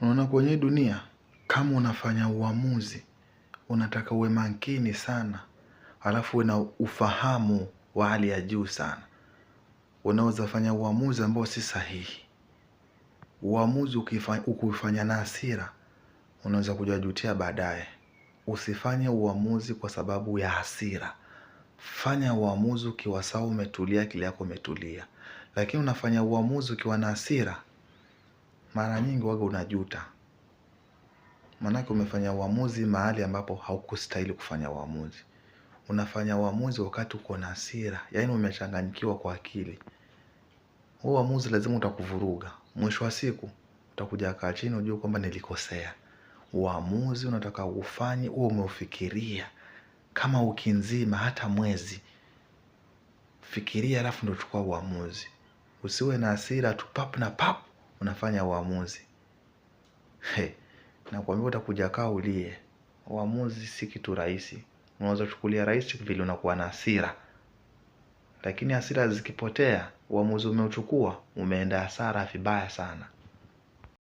Unaona, kwenye dunia kama unafanya uamuzi unataka uwe makini sana, alafu uwe na ufahamu wa hali ya juu sana. Unaweza fanya uamuzi ambao si sahihi. Uamuzi ukifanya na hasira, unaweza kujajutia baadaye. Usifanye uamuzi kwa sababu ya hasira. Fanya uamuzi ukiwa sawa, umetulia, akili yako imetulia. Lakini unafanya uamuzi ukiwa na hasira, mara nyingi waga unajuta, maanake umefanya uamuzi mahali ambapo haukustahili kufanya uamuzi. Unafanya uamuzi wakati uko na hasira, yaani umechanganyikiwa kwa akili. Huo uamuzi lazima utakuvuruga. Mwisho wa siku utakuja kaa chini, ujue kwamba nilikosea. Uamuzi unataka ufanye huo umeufikiria kama wiki nzima, hata mwezi, fikiria alafu ndio chukua uamuzi. Usiwe na hasira tu pap na pap unafanya uamuzi. He, nakwambia utakuja kaa ulie. Uamuzi si kitu rahisi. Unaweza chukulia rahisi vile unakuwa na hasira, lakini hasira zikipotea, uamuzi umeuchukua, umeenda hasara vibaya sana.